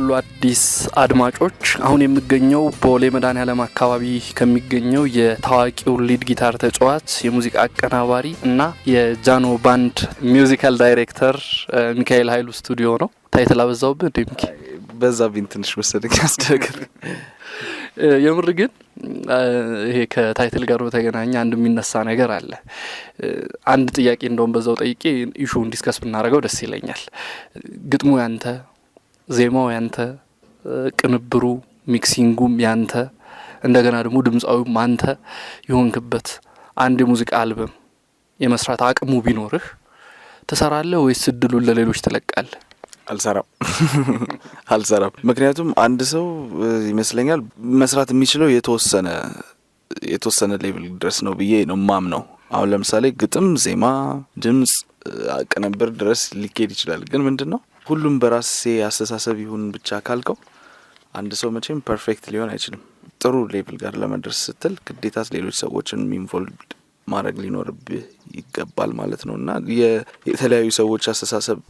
ሁሉ አዲስ አድማጮች አሁን የምገኘው ቦሌ መድኃኔዓለም አካባቢ ከሚገኘው የታዋቂው ሊድ ጊታር ተጫዋች የሙዚቃ አቀናባሪ እና የጃኖ ባንድ ሚውዚካል ዳይሬክተር ሚካኤል ሀይሉ ስቱዲዮ ነው። ታይትል አበዛውብህ እንዴ ሚኪ? በዛብኝ ትንሽ መሰለኝ ያስደግር የምር ግን ይሄ ከታይትል ጋር በተገናኘ አንድ የሚነሳ ነገር አለ። አንድ ጥያቄ እንደውም በዛው ጠይቄ ኢሹን ዲስከስ ብናደርገው ደስ ይለኛል። ግጥሙ ያንተ ዜማው ያንተ፣ ቅንብሩ ሚክሲንጉም ያንተ፣ እንደገና ደግሞ ድምፃዊም አንተ የሆንክበት አንድ የሙዚቃ አልበም የመስራት አቅሙ ቢኖርህ ትሰራለህ ወይስ እድሉን ለሌሎች ትለቃለህ? አልሰራም አልሰራም። ምክንያቱም አንድ ሰው ይመስለኛል መስራት የሚችለው የተወሰነ የተወሰነ ሌቭል ድረስ ነው ብዬ ነው ማምነው። አሁን ለምሳሌ ግጥም፣ ዜማ፣ ድምፅ፣ ቅንብር ድረስ ሊኬድ ይችላል። ግን ምንድን ነው ሁሉም በራሴ አስተሳሰብ ይሁን ብቻ ካልከው አንድ ሰው መቼም ፐርፌክት ሊሆን አይችልም። ጥሩ ሌቭል ጋር ለመድረስ ስትል ግዴታ ሌሎች ሰዎችን ኢንቮልቭድ ማድረግ ሊኖርብህ ይገባል ማለት ነው እና የተለያዩ ሰዎች አስተሳሰብ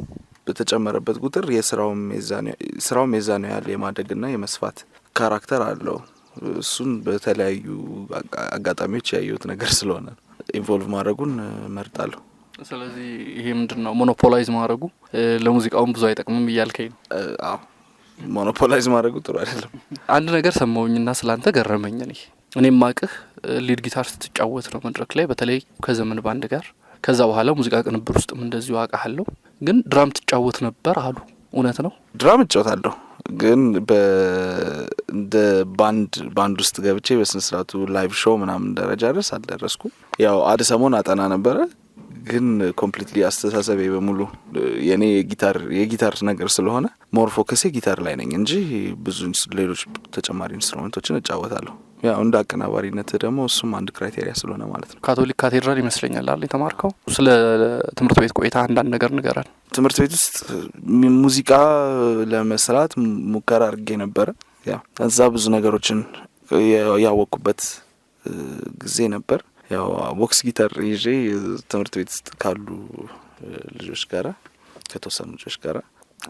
በተጨመረበት ቁጥር ስራውም ያለ የማደግ የማደግና የመስፋት ካራክተር አለው። እሱን በተለያዩ አጋጣሚዎች ያየሁት ነገር ስለሆነ ኢንቮልቭ ማድረጉን መርጣለሁ። ስለዚህ ይሄ ምንድን ነው ሞኖፖላይዝ ማድረጉ ለሙዚቃውም ብዙ አይጠቅምም እያልከኝ ነው? አዎ ሞኖፖላይዝ ማድረጉ ጥሩ አይደለም። አንድ ነገር ሰማውኝና ስላንተ ገረመኝ። እኔ እኔም ማቅህ ሊድ ጊታር ስትጫወት ነው መድረክ ላይ በተለይ ከዘመን ባንድ ጋር ከዛ በኋላ ሙዚቃ ቅንብር ውስጥም እንደዚሁ አውቃለሁ። ግን ድራም ትጫወት ነበር አሉ። እውነት ነው? ድራም እጫወታለሁ ግን እንደ ባንድ ባንድ ውስጥ ገብቼ በስነስርዓቱ ላይቭ ሾው ምናምን ደረጃ ድረስ አልደረስኩም። ያው አድ ሰሞን አጠና ነበረ ግን ኮምፕሊትሊ አስተሳሰቤ በሙሉ የኔ የጊታር የጊታር ነገር ስለሆነ ሞር ፎከሴ ጊታር ላይ ነኝ እንጂ ብዙ ሌሎች ተጨማሪ ኢንስትሩመንቶችን እጫወታለሁ። ያው እንደ አቀናባሪነት ደግሞ እሱም አንድ ክራይቴሪያ ስለሆነ ማለት ነው። ካቶሊክ ካቴድራል ይመስለኛል አለ የተማርከው። ስለ ትምህርት ቤት ቆይታ አንዳንድ ነገር ንገራል። ትምህርት ቤት ውስጥ ሙዚቃ ለመስራት ሙከራ አድርጌ ነበረ። ያ እዛ ብዙ ነገሮችን ያወቅኩበት ጊዜ ነበር ያው ቦክስ ጊታር ይዤ ትምህርት ቤት ውስጥ ካሉ ልጆች ጋራ ከተወሰኑ ልጆች ጋራ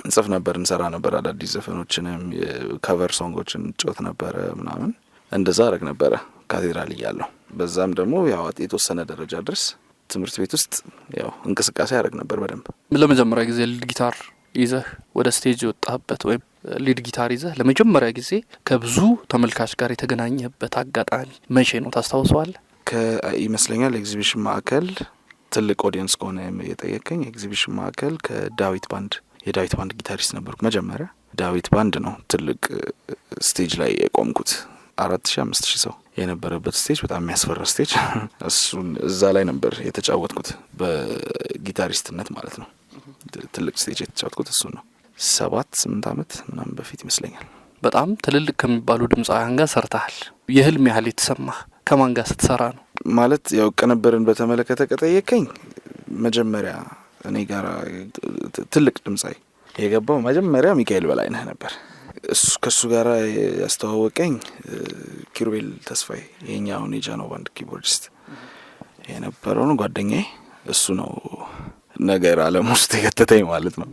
እንጽፍ ነበር፣ እንሰራ ነበር። አዳዲስ ዘፈኖችንም የከቨር ሶንጎችን ጮት ነበረ ምናምን እንደዛ አረግ ነበረ ካቴድራል እያለሁ። በዛም ደግሞ ያው የተወሰነ ደረጃ ድረስ ትምህርት ቤት ውስጥ ያው እንቅስቃሴ አረግ ነበር በደንብ። ለመጀመሪያ ጊዜ ሊድ ጊታር ይዘህ ወደ ስቴጅ የወጣህበት ወይም ሊድ ጊታር ይዘህ ለመጀመሪያ ጊዜ ከብዙ ተመልካች ጋር የተገናኘህበት አጋጣሚ መቼ ነው? ታስታውሰዋለህ? ይመስለኛል ኤግዚቢሽን ማዕከል ትልቅ ኦዲየንስ ከሆነ የጠየቀኝ ኤግዚቢሽን ማዕከል ከዳዊት ባንድ የዳዊት ባንድ ጊታሪስት ነበርኩ መጀመሪያ። ዳዊት ባንድ ነው ትልቅ ስቴጅ ላይ የቆምኩት አራት ሺ አምስት ሺ ሰው የነበረበት ስቴጅ፣ በጣም የሚያስፈራ ስቴጅ። እሱን እዛ ላይ ነበር የተጫወትኩት በጊታሪስትነት ማለት ነው። ትልቅ ስቴጅ የተጫወትኩት እሱን ነው። ሰባት ስምንት ዓመት ምናምን በፊት ይመስለኛል። በጣም ትልልቅ ከሚባሉ ድምፃውያን ጋር ሰርተሃል። የህልም ያህል የተሰማህ ከማን ጋር ስትሰራ ነው? ማለት ያው ቅንብርን በተመለከተ ከጠየቀኝ መጀመሪያ እኔ ጋር ትልቅ ድምጻይ የገባው መጀመሪያ ሚካኤል በላይነህ ነበር። ከእሱ ጋር ያስተዋወቀኝ ኪሩቤል ተስፋይ የኛ አሁን የጃኖ ባንድ ኪቦርዲስት የነበረውን ጓደኛዬ እሱ ነው ነገር አለም ውስጥ የከተተኝ ማለት ነው።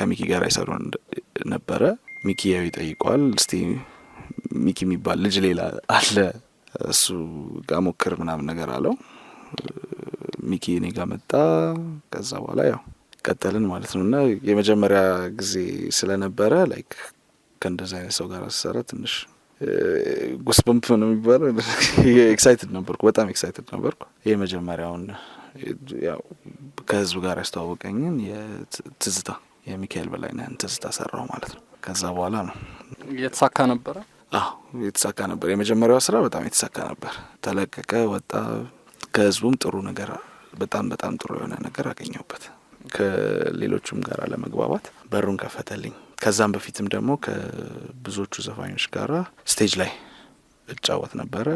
ከሚኪ ጋር ይሰሩ ነበረ። ሚኪ ያው ይጠይቋል። እስቲ ሚኪ የሚባል ልጅ ሌላ አለ እሱ ጋር ሞክር ምናምን ነገር አለው። ሚኪ እኔ ጋር መጣ። ከዛ በኋላ ያው ቀጠልን ማለት ነው እና የመጀመሪያ ጊዜ ስለነበረ ላይክ ከእንደዚ አይነት ሰው ጋር ስሰራ ትንሽ ጉስበምፕ ነው የሚባለው። ኤክሳይትድ ነበርኩ፣ በጣም ኤክሳይትድ ነበርኩ። የመጀመሪያውን ያው ከህዝቡ ጋር ያስተዋወቀኝን የትዝታ የሚካኤል በላይነህን ትዝታ ሰራው ማለት ነው። ከዛ በኋላ ነው የተሳካ ነበረ። አዎ የተሳካ ነበር። የመጀመሪያው ስራ በጣም የተሳካ ነበር። ተለቀቀ፣ ወጣ። ከህዝቡም ጥሩ ነገር በጣም በጣም ጥሩ የሆነ ነገር አገኘሁበት። ከሌሎቹም ጋር ለመግባባት በሩን ከፈተልኝ። ከዛም በፊትም ደግሞ ከብዙዎቹ ዘፋኞች ጋር ስቴጅ ላይ እጫወት ነበረ።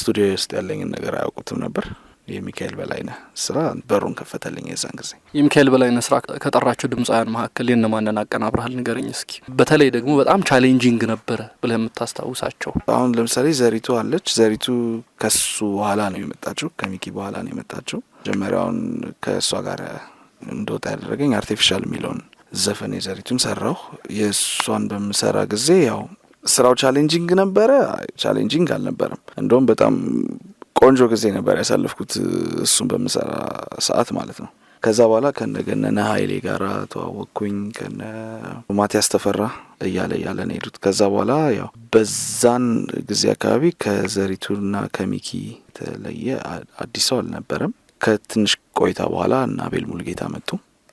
ስቱዲዮ ውስጥ ያለኝን ነገር አያውቁትም ነበር። የሚካኤል በላይነህ ስራ በሩን ከፈተልኝ። የዛን ጊዜ የሚካኤል በላይነህ ስራ ከጠራቸው ድምፃውያን መካከል የነማንን አቀናብርሃል? ንገረኝ እስኪ። በተለይ ደግሞ በጣም ቻሌንጂንግ ነበረ ብለህ የምታስታውሳቸው? አሁን ለምሳሌ ዘሪቱ አለች። ዘሪቱ ከሱ በኋላ ነው የመጣችው፣ ከሚኪ በኋላ ነው የመጣችው። መጀመሪያውን ከእሷ ጋር እንደወጣ ያደረገኝ አርቲፊሻል የሚለውን ዘፈን የዘሪቱን ሰራሁ። የእሷን በምሰራ ጊዜ ያው ስራው ቻሌንጂንግ ነበረ፣ ቻሌንጂንግ አልነበረም። እንደውም በጣም ቆንጆ ጊዜ ነበር ያሳለፍኩት እሱን በምሰራ ሰዓት ማለት ነው። ከዛ በኋላ ከነገነነ ሀይሌ ጋር ተዋወቅኩኝ። ከነ ማቲያስ ተፈራ እያለ እያለ ነው ሄዱት። ከዛ በኋላ ያው በዛን ጊዜ አካባቢ ከዘሪቱና ከሚኪ የተለየ አዲስ ሰው አልነበረም። ከትንሽ ቆይታ በኋላ እና አቤል ሙልጌታ መጡ።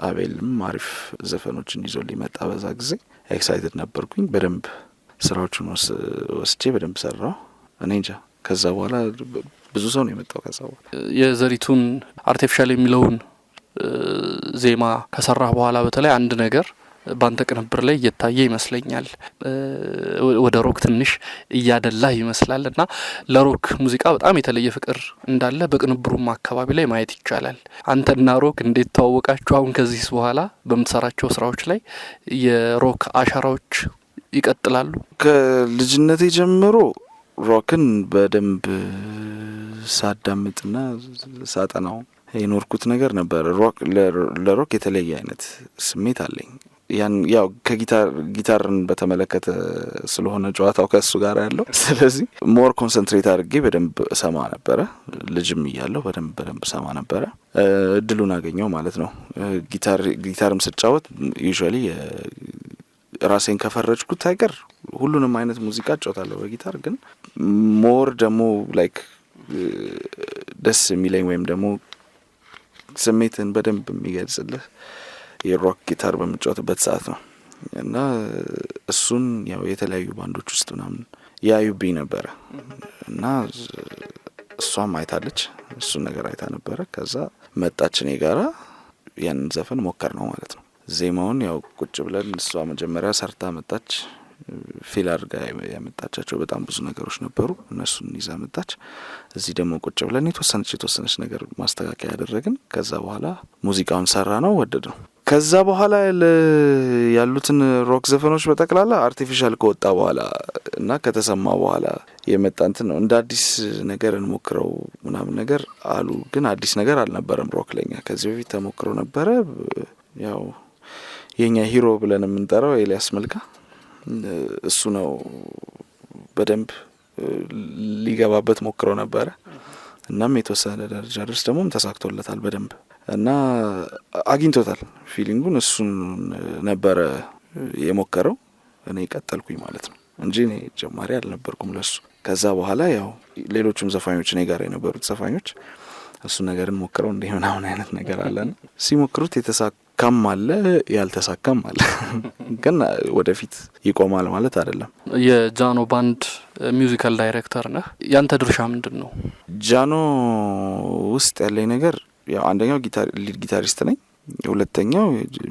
አቤልም አሪፍ ዘፈኖችን ይዞ ሊመጣ በዛ ጊዜ ኤክሳይትድ ነበርኩኝ። በደንብ ስራዎቹን ወስጄ በደንብ ሰራው። እኔ እንጃ ከዛ በኋላ ብዙ ሰው ነው የመጣው። ከዛ የዘሪቱን አርቲፊሻል የሚለውን ዜማ ከሰራህ በኋላ በተለይ አንድ ነገር በአንተ ቅንብር ላይ እየታየ ይመስለኛል። ወደ ሮክ ትንሽ እያደላህ ይመስላል እና ለሮክ ሙዚቃ በጣም የተለየ ፍቅር እንዳለ በቅንብሩም አካባቢ ላይ ማየት ይቻላል። አንተና ሮክ እንዴት ተዋወቃችሁ? አሁን ከዚህ በኋላ በምትሰራቸው ስራዎች ላይ የሮክ አሻራዎች ይቀጥላሉ? ከልጅነቴ ጀምሮ ሮክን በደንብ ሳዳምጥና ሳጠናው የኖርኩት ነገር ነበር። ለሮክ የተለየ አይነት ስሜት አለኝ። ያን ያው ከጊታር ጊታርን በተመለከተ ስለሆነ ጨዋታው ከእሱ ጋር ያለው ስለዚህ ሞር ኮንሰንትሬት አድርጌ በደንብ ሰማ ነበረ። ልጅም እያለሁ በደንብ በደንብ ሰማ ነበረ። እድሉን አገኘው ማለት ነው። ጊታርም ስጫወት ዩዥዋሊ ራሴን ከፈረጅኩት አይቀር ሁሉንም አይነት ሙዚቃ እጫወታለሁ በጊታር ግን ሞር ደግሞ ላይክ ደስ የሚለኝ ወይም ደግሞ ስሜትን በደንብ የሚገልጽልህ የሮክ ጊታር በምጫወትበት ሰዓት ነው እና እሱን ያው የተለያዩ ባንዶች ውስጥ ምናምን ያዩብኝ ነበረ እና እሷም አይታለች፣ እሱን ነገር አይታ ነበረ። ከዛ መጣች እኔ ጋራ ያንን ዘፈን ሞከር ነው ማለት ነው ዜማውን ያው ቁጭ ብለን እሷ መጀመሪያ ሰርታ መጣች። ፊል አድርጋ ያመጣቻቸው በጣም ብዙ ነገሮች ነበሩ። እነሱን ይዛ መጣች። እዚህ ደግሞ ቁጭ ብለን የተወሰነች የተወሰነች ነገር ማስተካከያ ያደረግን። ከዛ በኋላ ሙዚቃውን ሰራ ነው ወደድ ነው። ከዛ በኋላ ያሉትን ሮክ ዘፈኖች በጠቅላላ አርቲፊሻል ከወጣ በኋላ እና ከተሰማ በኋላ የመጣ እንትን ነው። እንደ አዲስ ነገር እንሞክረው ምናምን ነገር አሉ፣ ግን አዲስ ነገር አልነበረም ሮክ ለኛ ከዚህ በፊት ተሞክሮ ነበረ ያው የኛ ሂሮ ብለን የምንጠራው ኤልያስ መልካ እሱ ነው። በደንብ ሊገባበት ሞክረው ነበረ። እናም የተወሰነ ደረጃ ድረስ ደግሞ ተሳክቶለታል በደንብ እና አግኝቶታል ፊሊንጉን። እሱን ነበረ የሞከረው። እኔ ቀጠልኩኝ ማለት ነው እንጂ እኔ ጀማሪ አልነበርኩም ለሱ። ከዛ በኋላ ያው ሌሎቹም ዘፋኞች እኔ ጋር የነበሩት ዘፋኞች እሱ ነገርን ሞክረው እንዲህ ምናምን አይነት ነገር አለን ሲሞክሩት የተሳ የተሳካም አለ ያልተሳካም አለ። ግን ወደፊት ይቆማል ማለት አይደለም። የጃኖ ባንድ ሚውዚካል ዳይሬክተር ነህ። ያንተ ድርሻ ምንድን ነው? ጃኖ ውስጥ ያለኝ ነገር ያው አንደኛው ሊድ ጊታሪስት ነኝ። ሁለተኛው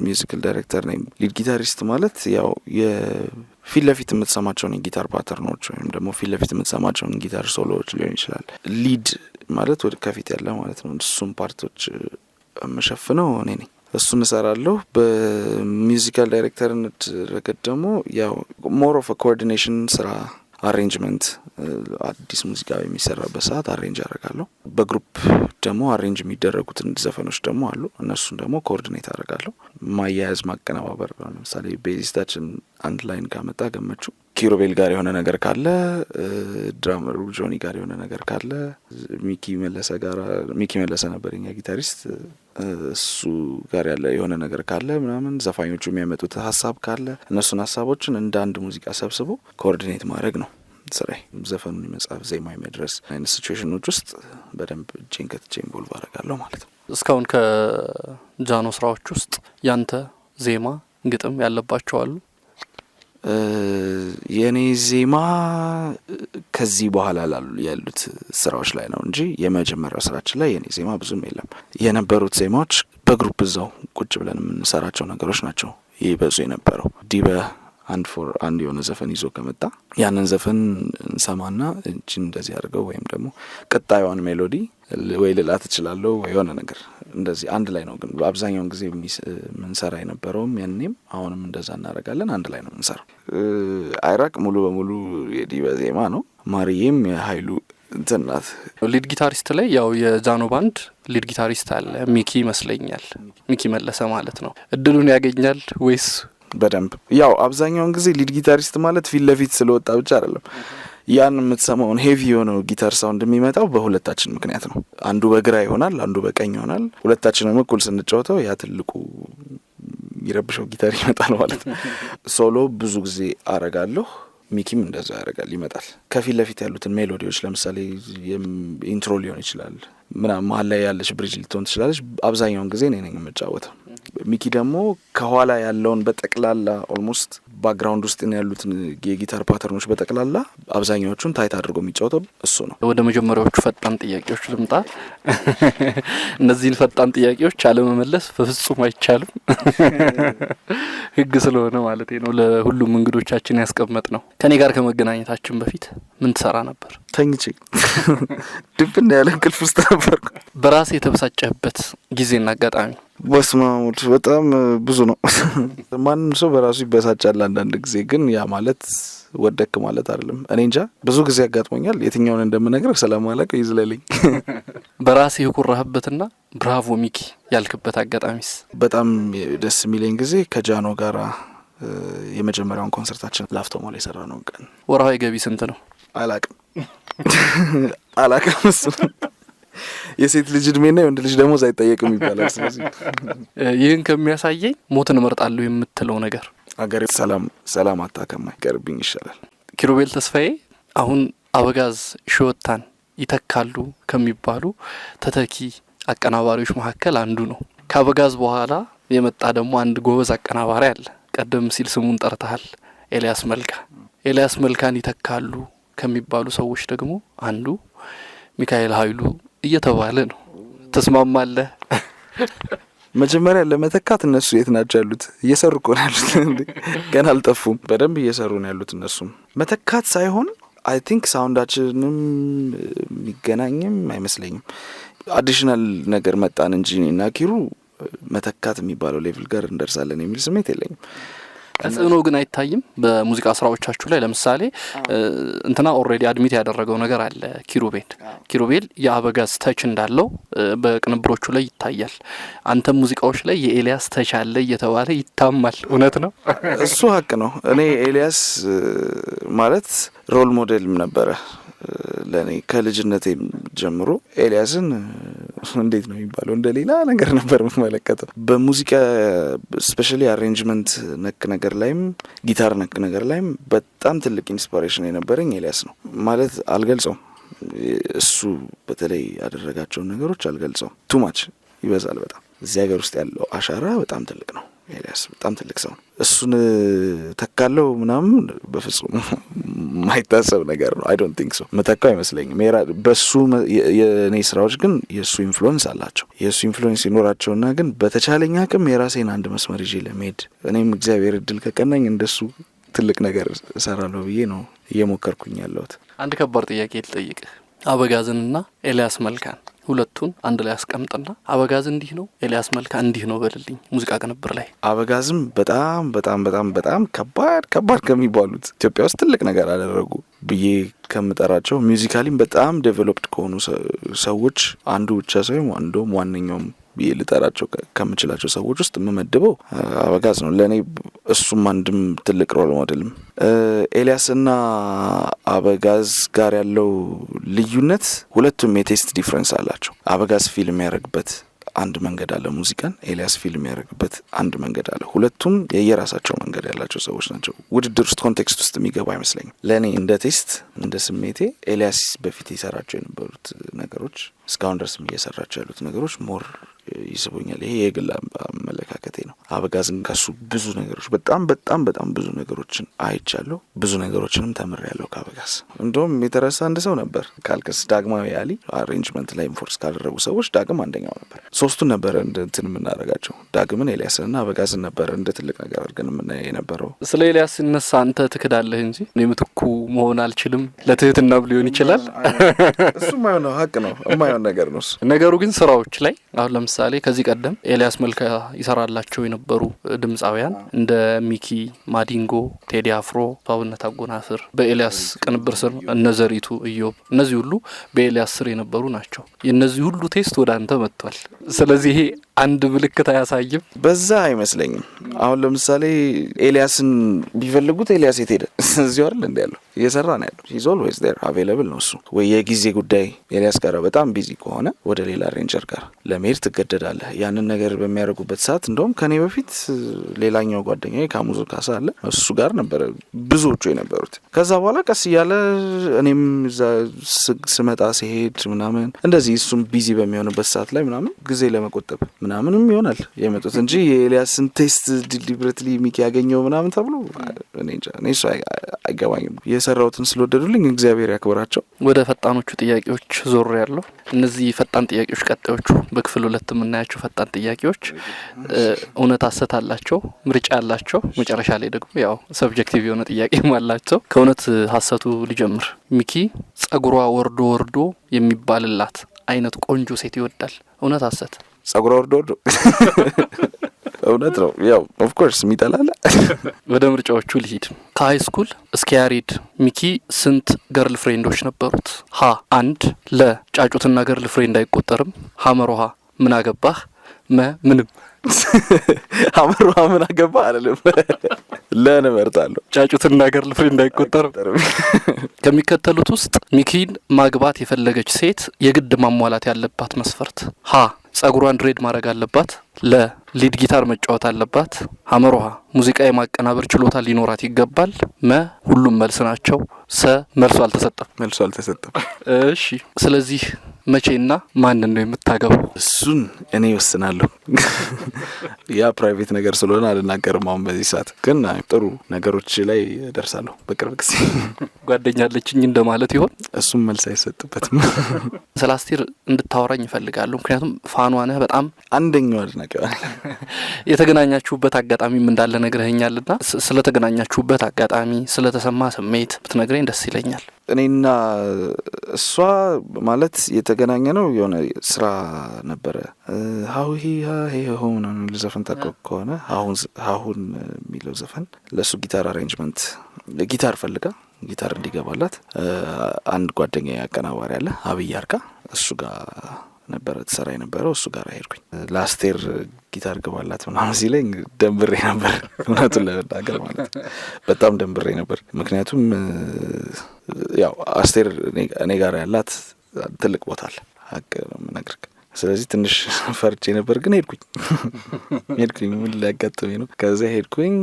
ሚዚክል ዳይሬክተር ነኝ። ሊድ ጊታሪስት ማለት ያው ፊት ለፊት የምትሰማቸውን የጊታር ፓተርኖች ወይም ደግሞ ፊት ለፊት የምትሰማቸውን ጊታር ሶሎዎች ሊሆን ይችላል። ሊድ ማለት ወደ ከፊት ያለ ማለት ነው። እሱም ፓርቶች የምሸፍነው እኔ ነኝ። እሱን እሰራለሁ። በሚውዚካል ዳይሬክተርነት ረገድ ደግሞ ያው ሞር ኦፍ ኮኦርዲኔሽን ስራ አሬንጅመንት አዲስ ሙዚቃ የሚሰራበት ሰዓት አሬንጅ አደርጋለሁ። በግሩፕ ደግሞ አሬንጅ የሚደረጉትን ዘፈኖች ደግሞ አሉ። እነሱን ደግሞ ኮኦርዲኔት አደርጋለሁ። ማያያዝ ማቀነባበር፣ ለምሳሌ ቤዚስታችን አንድ ላይን ካመጣ ገመችው ኪሮቤል ጋር የሆነ ነገር ካለ ድራመሩ ጆኒ ጋር የሆነ ነገር ካለ ሚኪ መለሰ ጋር ሚኪ መለሰ ነበር የኛ ጊታሪስት እሱ ጋር ያለ የሆነ ነገር ካለ ምናምን ዘፋኞቹ የሚያመጡት ሀሳብ ካለ እነሱን ሀሳቦችን እንደ አንድ ሙዚቃ ሰብስቦ ኮኦርዲኔት ማድረግ ነው ስራዬ። ዘፈኑን የመጻፍ ዜማ የመድረስ አይነት ሲቹዌሽኖች ውስጥ በደንብ እጄን ከትቼ ኢንቮልቭ አደርጋለሁ ማለት ነው። እስካሁን ከጃኖ ስራዎች ውስጥ ያንተ ዜማ ግጥም ያለባቸው አሉ? የእኔ ዜማ ከዚህ በኋላ ላሉ ያሉት ስራዎች ላይ ነው እንጂ የመጀመሪያው ስራችን ላይ የእኔ ዜማ ብዙም የለም። የነበሩት ዜማዎች በግሩፕ እዛው ቁጭ ብለን የምንሰራቸው ነገሮች ናቸው ይበዙ የነበረው ዲበ አንድ ፎር አንድ የሆነ ዘፈን ይዞ ከመጣ ያንን ዘፈን እንሰማና እችን እንደዚህ አድርገው ወይም ደግሞ ቀጣዩን ሜሎዲ ወይ ልላ ትችላለሁ የሆነ ነገር እንደዚህ አንድ ላይ ነው። ግን አብዛኛውን ጊዜ ምንሰራ የነበረውም ያኔም አሁንም እንደዛ እናደርጋለን። አንድ ላይ ነው ምንሰራው። አይራቅ ሙሉ በሙሉ የዲበ ዜማ ነው። ማርዬም የሀይሉ እንትናት ሊድ ጊታሪስት ላይ ያው የጃኖ ባንድ ሊድ ጊታሪስት አለ ሚኪ ይመስለኛል፣ ሚኪ መለሰ ማለት ነው። እድሉን ያገኛል ወይስ በደንብ ያው አብዛኛውን ጊዜ ሊድ ጊታሪስት ማለት ፊት ለፊት ስለወጣ ብቻ አይደለም። ያን የምትሰማውን ሄቪ የሆነው ጊታር ሳውንድ የሚመጣው በሁለታችን ምክንያት ነው። አንዱ በግራ ይሆናል፣ አንዱ በቀኝ ይሆናል። ሁለታችንም እኩል ስንጫወተው ያ ትልቁ የሚረብሸው ጊታር ይመጣል ማለት ነው። ሶሎ ብዙ ጊዜ አረጋለሁ። ሚኪም እንደዛ ያደርጋል፣ ይመጣል። ከፊት ለፊት ያሉትን ሜሎዲዎች ለምሳሌ ኢንትሮ ሊሆን ይችላል ምናምን መሀል ላይ ያለች ብሪጅ ልትሆን ትችላለች። አብዛኛውን ጊዜ እኔ ነኝ የምጫወተው። ሚኪ ደግሞ ከኋላ ያለውን በጠቅላላ ኦልሞስት ባክግራውንድ ውስጥ ያሉትን የጊታር ፓተርኖች በጠቅላላ አብዛኛዎቹን ታይት አድርጎ የሚጫወተው እሱ ነው። ወደ መጀመሪያዎቹ ፈጣን ጥያቄዎች ልምጣ። እነዚህን ፈጣን ጥያቄዎች አለመመለስ በፍጹም አይቻልም፣ ህግ ስለሆነ ማለት ነው። ለሁሉም እንግዶቻችን ያስቀመጥ ነው። ከኔ ጋር ከመገናኘታችን በፊት ምን ትሰራ ነበር? ተኝቼ ድብና ያለ እንቅልፍ ውስጥ ነበር። በራሴ የተበሳጨህበት ጊዜና አጋጣሚ በስማሙድ በጣም ብዙ ነው። ማንም ሰው በራሱ ይበሳጫል አንዳንድ ጊዜ ግን ያ ማለት ወደክ ማለት አይደለም። እኔ እንጃ ብዙ ጊዜ ያጋጥሞኛል። የትኛውን እንደምነግር ስለማላውቅ ይዝለልኝ። በራሴ የኮራህበትና ብራቮ ሚኪ ያልክበት አጋጣሚስ? በጣም ደስ የሚለኝ ጊዜ ከጃኖ ጋራ የመጀመሪያውን ኮንሰርታችን ላፍቶ የሰራ ነው ቀን። ወርሃዊ ገቢ ስንት ነው? አላቅም አላቅም እሱ የሴት ልጅ እድሜና የወንድ ልጅ ደሞዝ አይጠየቅም ይባላል። ስለዚህ ይህን ከሚያሳየኝ ሞትን እመርጣለሁ የምትለው ነገር አገር ሰላም ሰላም አታከማ ይቀርብኝ ይሻላል። ኪሩቤል ተስፋዬ አሁን አበጋዝ ሽወታን ይተካሉ ከሚባሉ ተተኪ አቀናባሪዎች መካከል አንዱ ነው። ከአበጋዝ በኋላ የመጣ ደግሞ አንድ ጎበዝ አቀናባሪ አለ። ቀደም ሲል ስሙን ጠርተሃል፣ ኤልያስ መልካ። ኤልያስ መልካን ይተካሉ ከሚባሉ ሰዎች ደግሞ አንዱ ሚካኤል ኃይሉ እየተባለ ነው። ተስማማለህ? መጀመሪያ ለመተካት እነሱ የት ናቸው ያሉት? እየሰሩ እኮ ነው ያሉት። ገና አልጠፉም። በደንብ እየሰሩ ነው ያሉት። እነሱም መተካት ሳይሆን አይ ቲንክ ሳውንዳችንም የሚገናኝም አይመስለኝም። አዲሽናል ነገር መጣን እንጂ እና ኪሩ መተካት የሚባለው ሌቭል ጋር እንደርሳለን የሚል ስሜት የለኝም። ተጽዕኖ ግን አይታይም በሙዚቃ ስራዎቻችሁ ላይ? ለምሳሌ እንትና ኦሬዲ አድሚት ያደረገው ነገር አለ ኪሩቤል ኪሩቤል የአበጋዝ ተች እንዳለው በቅንብሮቹ ላይ ይታያል። አንተም ሙዚቃዎች ላይ የኤልያስ ተች አለ እየተባለ ይታማል። እውነት ነው? እሱ ሀቅ ነው። እኔ ኤልያስ ማለት ሮል ሞዴልም ነበረ ለእኔ ከልጅነቴም ጀምሮ ኤልያስን እንዴት ነው የሚባለው እንደ ሌላ ነገር ነበር የምመለከተው። በሙዚቃ ስፔሻሊ አሬንጅመንት ነክ ነገር ላይም ጊታር ነክ ነገር ላይም በጣም ትልቅ ኢንስፓሬሽን የነበረኝ ኤልያስ ነው ማለት አልገልጸውም። እሱ በተለይ ያደረጋቸውን ነገሮች አልገልጸውም። ቱማች ይበዛል በጣም እዚህ ሀገር ውስጥ ያለው አሻራ በጣም ትልቅ ነው። ኤልያስ በጣም ትልቅ ሰው ነው። እሱን ተካለው ምናምን በፍጹም ማይታሰብ ነገር ነው። አይ ዶንት ቲንክ ሶ መተካው አይመስለኝም። በሱ የእኔ ስራዎች ግን የእሱ ኢንፍሉወንስ አላቸው። የእሱ ኢንፍሉወንስ ይኖራቸውና ግን በተቻለኝ አቅም የራሴን አንድ መስመር ይዤ ለመሄድ እኔም እግዚአብሔር እድል ከቀናኝ እንደሱ ትልቅ ነገር እሰራለሁ ብዬ ነው እየሞከርኩኝ ያለሁት። አንድ ከባድ ጥያቄ ልጠይቅህ። አበጋዝንና ኤልያስ መልካን ሁለቱን አንድ ላይ አስቀምጥና አበጋዝ እንዲህ ነው፣ ኤልያስ መልካ እንዲህ ነው በልልኝ ሙዚቃ ቅንብር ላይ። አበጋዝም በጣም በጣም በጣም በጣም ከባድ ከባድ ከሚባሉት ኢትዮጵያ ውስጥ ትልቅ ነገር አደረጉ ብዬ ከምጠራቸው ሚዚካሊም በጣም ዴቨሎፕድ ከሆኑ ሰዎች አንዱ ብቻ ሳይሆን አንዱም ዋነኛውም ብዬ ልጠራቸው ከምችላቸው ሰዎች ውስጥ የምመድበው አበጋዝ ነው። ለእኔ እሱም አንድም ትልቅ ሮል ሞዴልም። ኤልያስና አበጋዝ ጋር ያለው ልዩነት ሁለቱም የቴስት ዲፍረንስ አላቸው። አበጋዝ ፊልም ያደረግበት አንድ መንገድ አለ ሙዚቃን፣ ኤልያስ ፊልም ያደረግበት አንድ መንገድ አለ። ሁለቱም የየራሳቸው መንገድ ያላቸው ሰዎች ናቸው። ውድድር ውስጥ ኮንቴክስት ውስጥ የሚገባ አይመስለኝም። ለእኔ እንደ ቴስት እንደ ስሜቴ ኤልያስ በፊት የሰራቸው የነበሩት ነገሮች እስካሁን ድረስም እየሰራቸው ያሉት ነገሮች ሞር ይስቦኛል። ይሄ የግል አመለካከቴ ነው። አበጋዝን ከሱ ብዙ ነገሮች በጣም በጣም በጣም ብዙ ነገሮችን አይቻለሁ። ብዙ ነገሮችንም ተምሬያለሁ ከአበጋዝ። እንዲሁም የተረሳ አንድ ሰው ነበር ካልከስ ዳግማዊ ያሊ አሬንጅመንት ላይ ኢንፎርስ ካደረጉ ሰዎች ዳግም አንደኛው ነበር። ሶስቱን ነበረ እንትን የምናደርጋቸው ዳግምን፣ ኤልያስንና አበጋዝን ነበረ እንደ ትልቅ ነገር አድርገን የምናየ የነበረው። ስለ ኤልያስ ሲነሳ አንተ ትክዳለህ እንጂ እኔ ምትኩ መሆን አልችልም። ለትህትናም ሊሆን ይችላል። እሱ የማይሆን ሀቅ ነው፣ የማየሆን ነገር ነው። ነገሩ ግን ስራዎች ላይ አሁን ለምሳሌ ከዚህ ቀደም ኤልያስ መልካ ይሰራላቸው የነበሩ ድምፃውያን እንደ ሚኪ ማዲንጎ፣ ቴዲ አፍሮ፣ ፓውነት አጎናፍር በኤልያስ ቅንብር ስር እነዘሪቱ እዮብ፣ እነዚህ ሁሉ በኤልያስ ስር የነበሩ ናቸው። የእነዚህ ሁሉ ቴስት ወደ አንተ መጥቷል። ስለዚህ ይሄ አንድ ምልክት አያሳይም። በዛ አይመስለኝም። አሁን ለምሳሌ ኤልያስን ቢፈልጉት ኤልያስ የት ሄደ? እዚሁ አይደል እንዲ ያለው እየሰራ ነው ያለው። ሂዝ ኦልዌይስ ዜር አቬለብል ነው እሱ። ወይ የጊዜ ጉዳይ ኤልያስ ጋር በጣም ቢዚ ከሆነ ወደ ሌላ ሬንጀር ጋር ለመሄድ ትገደዳለህ። ያንን ነገር በሚያደርጉበት ሰዓት እንደውም ከኔ በፊት ሌላኛው ጓደኛ ካሙዙ ካሳ አለ እሱ ጋር ነበረ ብዙዎቹ የነበሩት። ከዛ በኋላ ቀስ እያለ እኔም እዛ ስመጣ ሲሄድ ምናምን እንደዚህ እሱም ቢዚ በሚሆንበት ሰዓት ላይ ምናምን ጊዜ ለመቆጠብ ምናምንም ይሆናል የመጡት እንጂ የኤልያስን ቴስት ዲሊብሬትሊ ሚኪ ያገኘው ምናምን ተብሎ እኔ አይገባኝም። የሰራሁትን ስለወደዱልኝ እግዚአብሔር ያክብራቸው። ወደ ፈጣኖቹ ጥያቄዎች ዞር ያለው እነዚህ ፈጣን ጥያቄዎች ቀጣዮቹ በክፍል ሁለት የምናያቸው ፈጣን ጥያቄዎች እውነት ሀሰት አላቸው፣ ምርጫ አላቸው። መጨረሻ ላይ ደግሞ ያው ሰብጀክቲቭ የሆነ ጥያቄም አላቸው። ከእውነት ሀሰቱ ሊጀምር ሚኪ ጸጉሯ ወርዶ ወርዶ የሚባልላት አይነት ቆንጆ ሴት ይወዳል። እውነት አሰት ጸጉረ ወርዶ ወርዶ እውነት ነው። ያው ኦፍኮርስ የሚጠላለ ወደ ምርጫዎቹ ልሂድ። ከሀይ ስኩል እስከ ያሬድ ሚኪ ስንት ገርል ፍሬንዶች ነበሩት? ሀ አንድ ለ ጫጩትና ገርል ፍሬንድ አይቆጠርም። ሀመሮሃ ምን አገባህ? መ ምንም ሀመር ሀመሮሃ ምን አገባህ አለልም። ለን እመርጣለሁ። ጫጩትና ገርል ፍሬንድ አይቆጠርም። ከሚከተሉት ውስጥ ሚኪን ማግባት የፈለገች ሴት የግድ ማሟላት ያለባት መስፈርት ሀ ጸጉሯን ድሬድ ማድረግ አለባት። ለሊድ ጊታር መጫወት አለባት። አመሮሃ ሙዚቃ የማቀናበር ችሎታ ሊኖራት ይገባል። መ ሁሉም መልስ ናቸው። ሰ መልሱ አልተሰጠም፣ መልሱ አልተሰጠም። እሺ፣ ስለዚህ መቼና ማንን ነው የምታገባው? እሱን እኔ ይወስናለሁ። ያ ፕራይቬት ነገር ስለሆነ አልናገርም አሁን በዚህ ሰዓት ግን ጥሩ ነገሮች ላይ ደርሳለሁ በቅርብ ጊዜ። ጓደኛ አለችኝ እንደማለት ይሆን? እሱም መልስ አይሰጥበትም። ስለ አስቴር እንድታወራኝ ይፈልጋሉ። ምክንያቱም ፋኗ ነህ በጣም አንደኛው አድናቂዋ የተገናኛችሁበት አጋጣሚም እንዳለ ና ስለተገናኛችሁበት አጋጣሚ ስለተሰማ ስሜት ብትነግረኝ ደስ ይለኛል። እኔና እሷ ማለት የተገናኘ ነው የሆነ ስራ ነበረ። ሀሁሂ ሄሆ ዘፈን ታቀ ከሆነ ሀሁን የሚለው ዘፈን ለእሱ ጊታር አሬንጅመንት ጊታር ፈልጋ ጊታር እንዲገባላት አንድ ጓደኛ አቀናባሪ አለ አብይ አርቃ እሱ ጋር ነበረ ትሰራ የነበረው እሱ ጋር ሄድኩኝ። ላስቴር ጊታር ግባላት ምናምን ሲለኝ ደንብሬ ነበር፣ እውነቱን ለመናገር ማለት በጣም ደንብሬ ነበር። ምክንያቱም ያው አስቴር እኔ ጋር ያላት ትልቅ ቦታ አለ፣ ሀቅ ምነግር። ስለዚህ ትንሽ ፈርቼ ነበር፣ ግን ሄድኩኝ ሄድኩኝ ምን ሊያጋጥሜ ነው? ከዚያ ሄድኩኝ።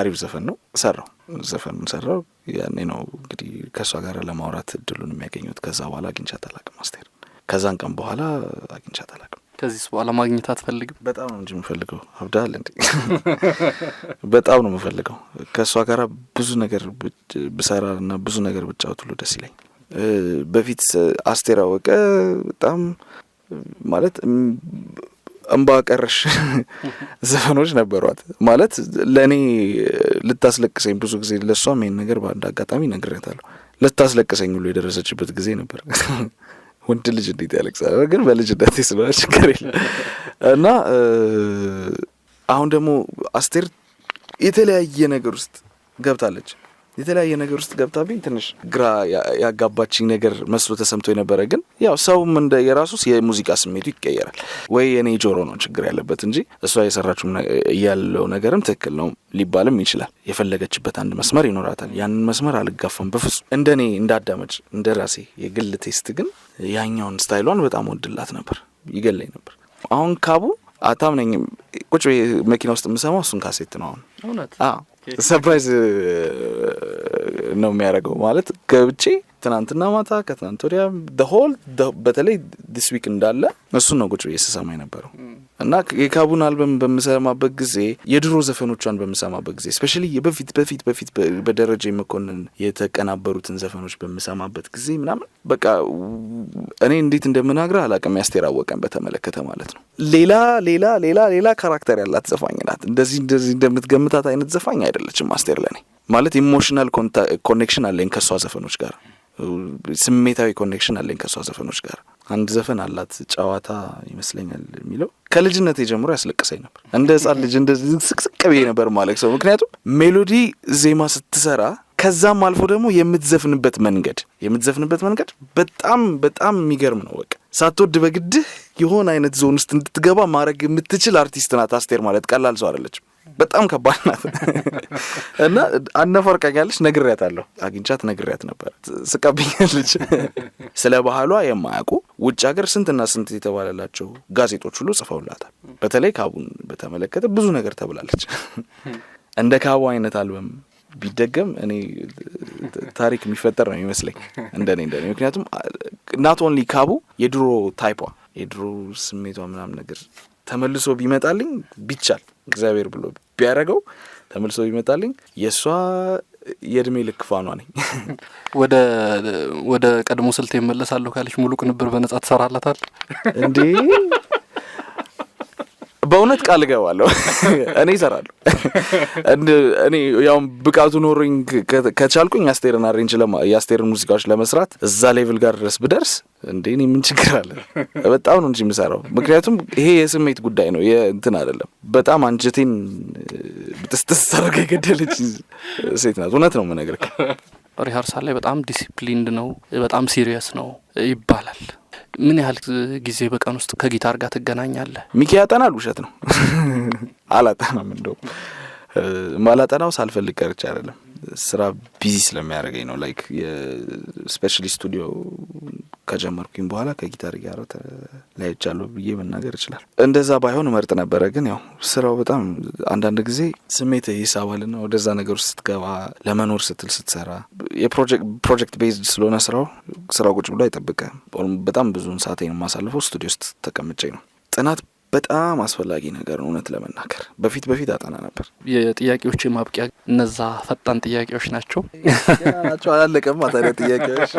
አሪፍ ዘፈን ነው ሰራው፣ ዘፈኑን ሰራው። ያኔ ነው እንግዲህ ከእሷ ጋር ለማውራት እድሉን የሚያገኙት። ከዛ በኋላ አግኝቻ ተላቅም አስቴር። ከዛን ቀን በኋላ አግኝቻ ተላቅም ከዚህ በኋላ ማግኘት አትፈልግም? በጣም ነው እንጂ የምፈልገው። አብዳል እንዴ! በጣም ነው የምፈልገው። ከእሷ ጋር ብዙ ነገር ብሰራ እና ብዙ ነገር ብጫወት ሁሉ ደስ ይለኝ። በፊት አስቴር አወቀ በጣም ማለት እምባ ቀረሽ ዘፈኖች ነበሯት። ማለት ለእኔ ልታስለቅሰኝ ብዙ ጊዜ ለእሷም ይህን ነገር በአንድ አጋጣሚ ነግሬያታለሁ። ልታስለቅሰኝ ሁሉ የደረሰችበት ጊዜ ነበር። ወንድ ልጅ እንዴት ያለቅሳል? ግን በልጅነት ስለ ችግር የለም እና አሁን ደግሞ አስቴር የተለያየ ነገር ውስጥ ገብታለች። የተለያየ ነገር ውስጥ ገብታብኝ ትንሽ ግራ ያጋባችኝ ነገር መስሎ ተሰምቶ የነበረ ግን ያው ሰውም እንደ የራሱ የሙዚቃ ስሜቱ ይቀየራል። ወይ የኔ ጆሮ ነው ችግር ያለበት እንጂ እሷ የሰራችው ያለው ነገርም ትክክል ነው ሊባልም ይችላል። የፈለገችበት አንድ መስመር ይኖራታል። ያንን መስመር አልጋፋም በፍጹም። እኔ እንዳዳመጭ እንደ ራሴ የግል ቴስት ግን ያኛውን ስታይሏን በጣም ወድላት ነበር፣ ይገለኝ ነበር። አሁን ካቡ አታምነኝም። ቁጭ መኪና ውስጥ የምሰማው እሱን ካሴት ነው አሁን ሰርፕራይዝ ነው የሚያደርገው ማለት ገብቼ ትናንትና ማታ ከትናንት ወዲያ ደሆል በተለይ ዲስ ዊክ እንዳለ እሱን ነው ቁጭ ስሰማ የነበረው እና የካቡን አልበም በምሰማበት ጊዜ የድሮ ዘፈኖቿን በምሰማበት ጊዜ ስፔ በፊት በፊት በፊት በደረጃ መኮንን የተቀናበሩትን ዘፈኖች በምሰማበት ጊዜ ምናምን በቃ እኔ እንዴት እንደምናግረ አላቅም። ያስቴር አወቀን በተመለከተ ማለት ነው ሌላ ሌላ ሌላ ሌላ ካራክተር ያላት ዘፋኝ ናት። እንደዚህ እንደዚህ እንደምትገምታት አይነት ዘፋኝ አይደለችም አስቴር ለኔ ማለት ኢሞሽናል ኮኔክሽን አለኝ ከእሷ ዘፈኖች ጋር ስሜታዊ ኮኔክሽን አለኝ ከእሷ ዘፈኖች ጋር። አንድ ዘፈን አላት ጨዋታ ይመስለኛል የሚለው ከልጅነት ጀምሮ ያስለቅሰኝ ነበር። እንደ ህፃን ልጅ እንደ ስቅስቅ ብዬ ነበር ማለት ሰው ምክንያቱም ሜሎዲ ዜማ ስትሰራ ከዛም አልፎ ደግሞ የምትዘፍንበት መንገድ የምትዘፍንበት መንገድ በጣም በጣም የሚገርም ነው። በቃ ሳትወድ በግድህ የሆነ አይነት ዞን ውስጥ እንድትገባ ማድረግ የምትችል አርቲስት ናት አስቴር ማለት ቀላል ሰው አይደለችም። በጣም ከባድ ናት እና አነፈርቃኛለች። ነግሬያታለሁ፣ አግኝቻት ነግሬያት ነበር። ስቀብኛለች። ስለ ባህሏ የማያውቁ ውጭ ሀገር ስንትና ስንት የተባለላቸው ጋዜጦች ሁሉ ጽፈውላታል። በተለይ ካቡን በተመለከተ ብዙ ነገር ተብላለች። እንደ ካቡ አይነት አልበም ቢደገም እኔ ታሪክ የሚፈጠር ነው ይመስለኝ፣ እንደኔ እንደኔ። ምክንያቱም ናት ኦንሊ ካቡ የድሮ ታይፖ የድሮ ስሜቷ ምናምን ነገር ተመልሶ ቢመጣልኝ ቢቻል እግዚአብሔር ብሎ ቢያደረገው ተመልሶ ይመጣልኝ የእሷ የእድሜ ልክ ፋኗ ነኝ። ወደ ወደ ቀድሞ ስልት የመለሳለሁ ካለች ሙሉ ቅንብር በነጻ ትሰራላታል እንዴ? በእውነት ቃል እገባለሁ፣ እኔ እሰራለሁ። እኔ ያው ብቃቱ ኖሮኝ ከቻልኩኝ የአስቴርን አሬንጅ የአስቴርን ሙዚቃዎች ለመስራት እዛ ሌቭል ጋር ድረስ ብደርስ እንዴ እኔ ምን ችግር አለ? በጣም ነው እንጂ የምሰራው። ምክንያቱም ይሄ የስሜት ጉዳይ ነው፣ እንትን አይደለም። በጣም አንጀቴን ብጥስጥስ አድርጋ የገደለች ሴት ናት። እውነት ነው የምነግርህ። ሪሀርሳል ላይ በጣም ዲሲፕሊንድ ነው፣ በጣም ሲሪየስ ነው ይባላል። ምን ያህል ጊዜ በቀን ውስጥ ከጊታር ጋር ትገናኛለህ? ሚኪ ያጠናል። ውሸት ነው፣ አላጠናም። እንደውም ማላጠናው ሳልፈልግ ቀርቼ አይደለም ስራ ቢዚ ስለሚያደርገኝ ነው። ላይክ ስፔሻሊ ስቱዲዮ ከጀመርኩኝ በኋላ ከጊታር ጋር ተለያይቻለሁ ብዬ መናገር ይችላል። እንደዛ ባይሆን መርጥ ነበረ። ግን ያው ስራው በጣም አንዳንድ ጊዜ ስሜት ይሳባል ና ወደዛ ነገር ውስጥ ስትገባ ለመኖር ስትል ስትሰራ የፕሮጀክት ቤዝድ ስለሆነ ስራው ስራው ቁጭ ብሎ አይጠብቀ በጣም ብዙውን ሰዓቴን የማሳልፈው ስቱዲዮ ውስጥ ተቀምጬ ነው። ጥናት በጣም አስፈላጊ ነገር ነው። እውነት ለመናገር በፊት በፊት አጠና ነበር። የጥያቄዎች ማብቂያ እነዛ ፈጣን ጥያቄዎች ናቸው ናቸው። አላለቀም ታዲያ ጥያቄዎች።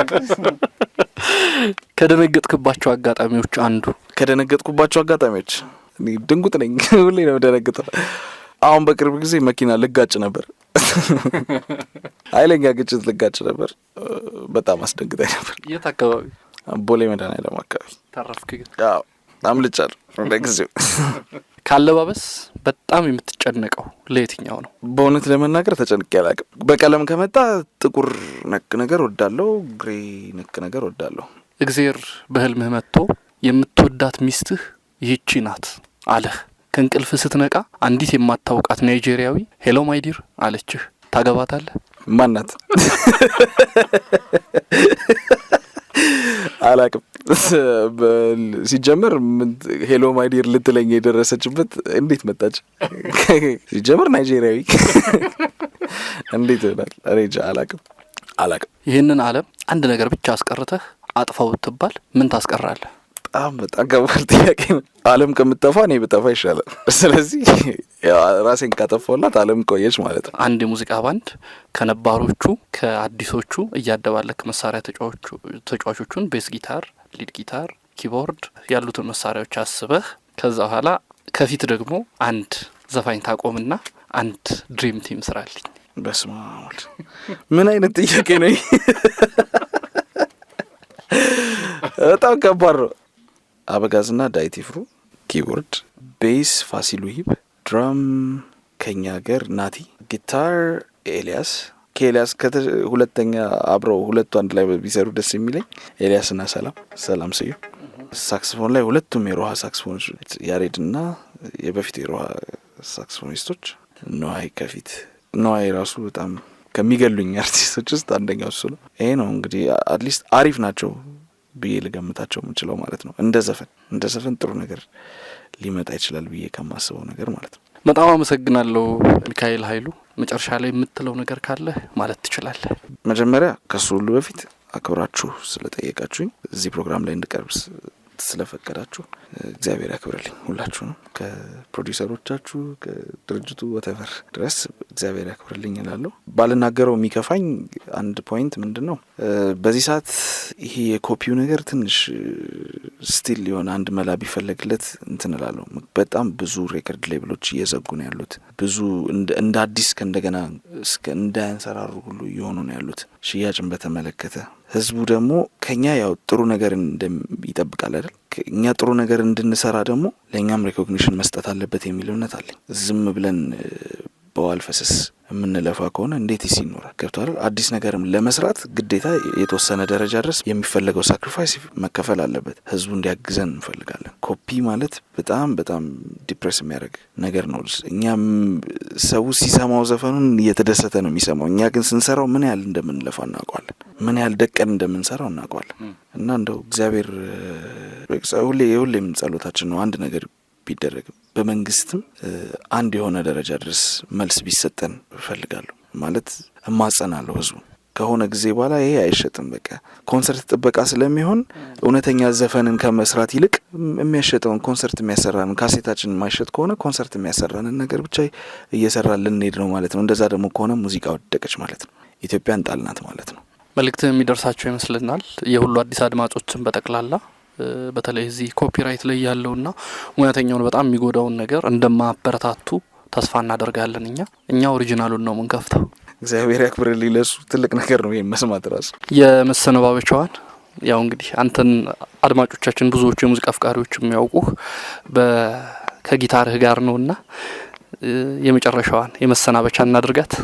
ከደነገጥክባቸው አጋጣሚዎች አንዱ ከደነገጥኩባቸው አጋጣሚዎች ድንጉጥ ነኝ። ሁሌ ነው ደነግጠው። አሁን በቅርብ ጊዜ መኪና ልጋጭ ነበር። ኃይለኛ ግጭት ልጋጭ ነበር። በጣም አስደንግጣኝ ነበር። የት አካባቢ? ቦሌ መድኃኔዓለም አካባቢ። ተረፍክ ግን? አምልጫለሁ ለጊዜው። ከአለባበስ በጣም የምትጨነቀው ለየትኛው ነው? በእውነት ለመናገር ተጨንቄ አላውቅም። በቀለም ከመጣ ጥቁር ነክ ነገር ወዳለው፣ ግሬ ነክ ነገር ወዳለሁ። እግዜር በህልምህ መጥቶ የምትወዳት ሚስትህ ይህቺ ናት አለህ። ከእንቅልፍ ስትነቃ አንዲት የማታውቃት ናይጄሪያዊ ሄሎ ማይዲር አለችህ። ታገባታለህ? ማናት? አላቅም ሲጀመር ሄሎ ማይዲር ልትለኝ የደረሰችበት እንዴት መጣች? ሲጀመር ናይጄሪያዊ እንዴት ይሆናል? እኔ አላቅም አላቅም። ይህንን አለም አንድ ነገር ብቻ አስቀርተህ አጥፋው ብትባል ምን ታስቀራለህ? በጣም በጣም ከባድ ጥያቄ ነው። አለም ከምጠፋ እኔ ብጠፋ ይሻላል። ስለዚህ ራሴን ካጠፋውላት አለም ቆየች ማለት ነው። አንድ የሙዚቃ ባንድ ከነባሮቹ ከአዲሶቹ እያደባለክ መሳሪያ ተጫዋቾቹን ቤስ ጊታር፣ ሊድ ጊታር፣ ኪቦርድ ያሉትን መሳሪያዎች አስበህ ከዛ በኋላ ከፊት ደግሞ አንድ ዘፋኝ ታቆምና አንድ ድሪም ቲም ስራልኝ። በስመ አብ ምን አይነት ጥያቄ ነው? በጣም ከባድ ነው። አበጋዝና ዳይቲፍሩ ኪቦርድ፣ ቤስ ፋሲሉ ሂብ፣ ድራም ከኛ ሀገር ናቲ፣ ጊታር ኤልያስ ከኤልያስ ሁለተኛ አብረው ሁለቱ አንድ ላይ ቢሰሩ ደስ የሚለኝ ኤልያስና ሰላም ሰላም ስዩ። ሳክስፎን ላይ ሁለቱም የሮሃ ሳክስፎኖች ያሬድና የበፊት የሮሃ ሳክስፎኒስቶች ነዋይ ከፊት ነዋይ ራሱ በጣም ከሚገሉኝ አርቲስቶች ውስጥ አንደኛው እሱ ነው። ይሄ ነው እንግዲህ አትሊስት አሪፍ ናቸው። ብዬ ልገምታቸው የምንችለው ማለት ነው። እንደ ዘፈን እንደ ዘፈን ጥሩ ነገር ሊመጣ ይችላል ብዬ ከማስበው ነገር ማለት ነው። በጣም አመሰግናለሁ ሚካኤል ኃይሉ። መጨረሻ ላይ የምትለው ነገር ካለ ማለት ትችላለህ። መጀመሪያ ከሱ ሁሉ በፊት አክብራችሁ ስለጠየቃችሁኝ እዚህ ፕሮግራም ላይ እንድቀርብ ስለፈቀዳችሁ እግዚአብሔር ያክብርልኝ ሁላችሁንም፣ ከፕሮዲሰሮቻችሁ ከድርጅቱ ወተቨር ድረስ እግዚአብሔር ያክብርልኝ እላለሁ። ባልናገረው የሚከፋኝ አንድ ፖይንት ምንድን ነው፣ በዚህ ሰዓት ይሄ የኮፒው ነገር ትንሽ ስቲል የሆነ አንድ መላ ቢፈለግለት እንትን እላለሁ። በጣም ብዙ ሬከርድ ሌብሎች እየዘጉ ነው ያሉት። ብዙ እንደ አዲስ ከእንደገና እንዳያንሰራሩ ሁሉ እየሆኑ ነው ያሉት። ሽያጭን በተመለከተ ህዝቡ ደግሞ ከኛ ያው ጥሩ ነገር ይጠብቃል አይደል? እኛ ጥሩ ነገር እንድንሰራ ደግሞ ለእኛም ሪኮግኒሽን መስጠት አለበት የሚል እምነት አለኝ። ዝም ብለን በዋልፈስስ የምንለፋ ከሆነ እንዴት ይስ ይኖራል? ገብቷል። አዲስ ነገርም ለመስራት ግዴታ የተወሰነ ደረጃ ድረስ የሚፈለገው ሳክሪፋይስ መከፈል አለበት። ህዝቡ እንዲያግዘን እንፈልጋለን። ኮፒ ማለት በጣም በጣም ዲፕሬስ የሚያደርግ ነገር ነው። እኛ ሰው ሲሰማው ዘፈኑን እየተደሰተ ነው የሚሰማው። እኛ ግን ስንሰራው ምን ያህል እንደምንለፋ እናውቀዋለን። ምን ያህል ደቀን እንደምንሰራው እናውቀዋለን። እና እንደው እግዚአብሔር ሁሌ ጸሎታችን ነው አንድ ነገር ቢደረግም በመንግስትም አንድ የሆነ ደረጃ ድረስ መልስ ቢሰጠን እፈልጋለሁ። ማለት እማጸናለሁ ህዝቡ ከሆነ ጊዜ በኋላ ይሄ አይሸጥም፣ በቃ ኮንሰርት ጥበቃ ስለሚሆን እውነተኛ ዘፈንን ከመስራት ይልቅ የሚያሸጠውን ኮንሰርት የሚያሰራን ካሴታችን የማይሸጥ ከሆነ ኮንሰርት የሚያሰራንን ነገር ብቻ እየሰራ ልንሄድ ነው ማለት ነው። እንደዛ ደግሞ ከሆነ ሙዚቃ ወደቀች ማለት ነው። ኢትዮጵያን ጣልናት ማለት ነው። መልእክት የሚደርሳቸው ይመስልናል። የሁሉ አዲስ አድማጮችን በጠቅላላ በተለይ እዚህ ኮፒራይት ላይ ያለውና ሙያተኛውን በጣም የሚጎዳውን ነገር እንደማበረታቱ ተስፋ እናደርጋለን። እኛ እኛ ኦሪጂናሉን ነው ምንከፍተው። እግዚአብሔር ያክብር። ሊለሱ ትልቅ ነገር ነው ይህም መስማት ራሱ። የመሰነባበቻዋን ያው እንግዲህ አንተን አድማጮቻችን ብዙዎቹ የሙዚቃ አፍቃሪዎች የሚያውቁህ ከጊታርህ ጋር ነውና የመጨረሻዋን የመሰናበቻ እናድርጋት።